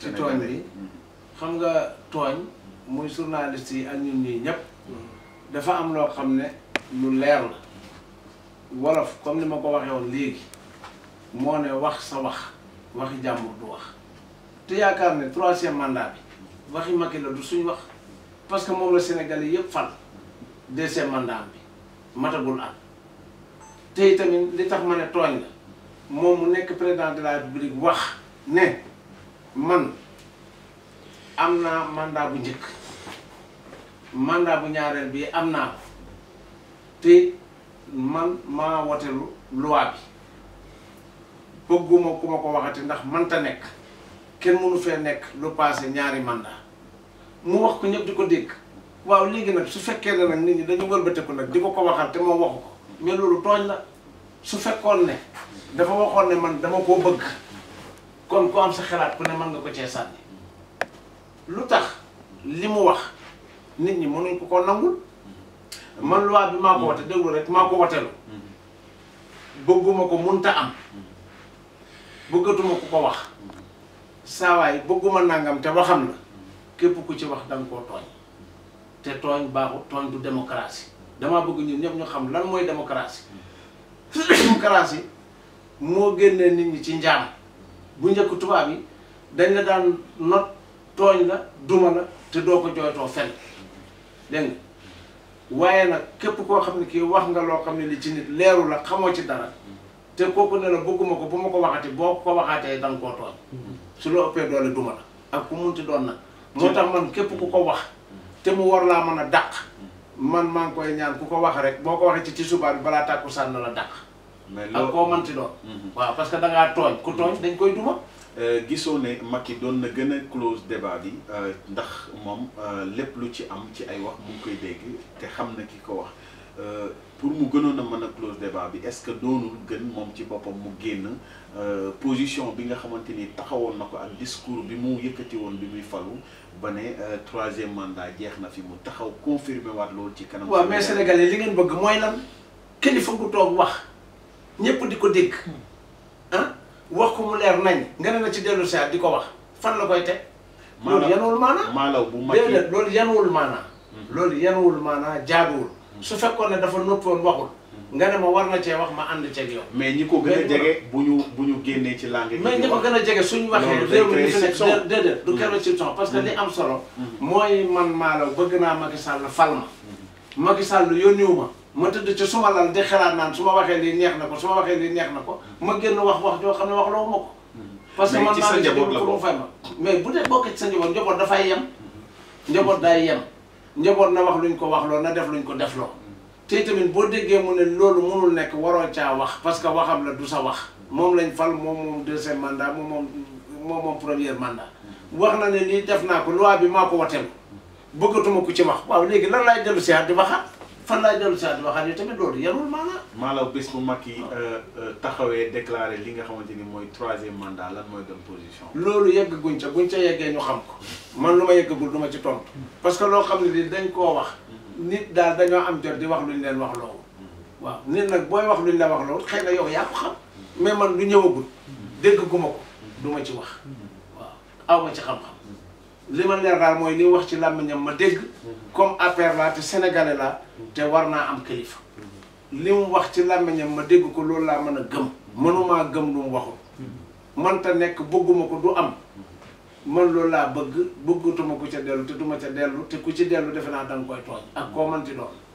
ci tooñ bi xam nga tooñ muy journaliste yi ak ñun ñii ñëpp dafa am loo xam ne lu leer la wolof comme ni ma ko waxee woon léegi moo ne wax sa wax waxi jàmbur du wax te yaakaar ne troisième mandat bi waxi Macky la du suñ wax parce que moom la Sénégal yi yëpp fal deuxième mandat bi matagul am te itamit li tax ma ne tooñ la moom mu nekk président de la république wax ne man am naa mandat bu njëkk mandat bu ñaareel bii am naa ko te man maa wotelu loi bi bëgguma ku ma ko waxati ndax manta nekk kenn mënu fee nekk lu passé ñaari mandat mu wax ko ñëpp di ko dégg waaw léegi nag su fekkee ne nag nit ñi dañu ko nag di ko ko waxal te moom waxu ko mais tooñ la su fekkoon ne dafa waxoon ne man dama koo bëgg kon ku am sa xalaat ku ne mën nga ko cee sànni lu tax li mu wax nit ñi mënuñ ko koo nangul man loi bi maa ko wote déglu rek maa ko wotelu bëgguma ko munta am bëggatuma ku ko wax saawaay bëgguma nangam te xam la képp ku ci wax danga koo tooñ te tooñ baaxu tooñ du démocratie damaa bëgg ñun ñëpp ñu xam lan mooy démocratie démocratie moo génnee nit ñi ci njaam bu njëkk tubaab yi dañ la daan not tooñ la duma la te doo ko jooytoo fenn dégg waaye nag képp koo xam ne kii wax nga loo xam ne li ci nit leeru la xamoo ci dara te kooku ne la bëgguma ko bu ma ko waxati boo ko waxaatee da nga koo tooñ su la ëppee doole duma la ak ku munti doon nag moo tax man képp ku ko wax te mu war laa mën a daq man maa ngi koy ñaan ku ko wax rek boo ko waxee ci ci subaa bi balaa tàkku sànn la dàq ak koo manti doon mhm. waaw parce que da ngaa tooñ ku tooñ mhm. dañ koy duma euh, gisoo ne Macky doon na gën a close débat bi euh, ndax moom euh, lépp lu ci am ci ay wax mu ngi koy dégg te xam na ki ko wax pour mu gënoon a mën a close débat bi est-ce que doonul gën moom ci boppam mu génn position bi nga xamante ni taxawoon na ko ak discours bi mu yëkkati woon bi muy falu ba ne troisième mandat jeex na fi mu taxaw confirmer waat loolu ci kanam. waaw mais Sénégalais li ngeen bëgg mooy lan kilifa gu toog wax. ñëpp di ko dégg ah wax ko mu leer nañ nga ne na ci dellu saa di ko wax fan la koy teg. loolu yanuwul maanaa maalaw bu mag loolu yanuwul maanaa. Hmm. loolu yanuwul maanaa jaaduwul. Hmm. su fekkoon ne dafa noppoon waxul. Hmm. nga ne ma war na cee wax ma ànd ceeg yow. mais ñi ko gën a jege bu ñu bu ñu génnee ci langue yi. mais ñi ko gën a jege suñu waxee. réew mi ñu fi nekk du keroog ci son parce que li am solo. mooy man maalaw bëgg naa Macky Sall fal ma. Macky Sall yónniwu ma ma tëdd ci suma lal di xalaat naan su waxee lii neex na ko su waxee lii neex na ko ma génn wax wax joo xam ne wax loo ma ko parce que man naa la jël pour mu fay ma mais bu dee bokkee ci sa njaboot njaboot dafay njaboot day yem njaboot na wax luñ ko wax loo na def luñ ko def loo te tamit boo déggee mu ne loolu mënul nekk waroon caa wax parce que waxam la du sa wax moom lañ fal moom moom deuxième mandat moom moom premier mandat wax na ne lii def naa ko loi bi maa ko wateel bëggatuma ku ci wax waaw léegi lan laay dellu si waat di waxaat fan laay dellu si waat di waxaat yow tamit loolu yarul maanaam. maanaam bés bu mag yi euh, euh, taxawee déclaré li nga xamante ni mooy troisième mandat lan mooy doon position. loolu yegg guñ ca guñ ca yeggee ñu xam ko man lu ma yeggagul du ma ci tontu parce que loo xam ne ni dañ koo wax nit daal dañoo am jot di wax lu ñu leen wax loolu waaw nit nag booy wax lu ñu la wax loolu xëy na yow yaa ko xam mais man lu ñëwagul dégg gu du ma ci wax ci xam li ma neex daal mooy li wax ci làmmiñam ma dégg comme affaire laa te sénégalais laa te war naa am kilifa li mu wax ci làmmiñam ma dégg ko loolu laa mën a gëm mënumaa gëm lu mu waxul mënta nekk bëgguma ko du am mën loolu laa bëgg bëggatuma ku ca dellu te duma ca dellu te ku ci dellu defe naa danga koy tooñ ak koo mënti doon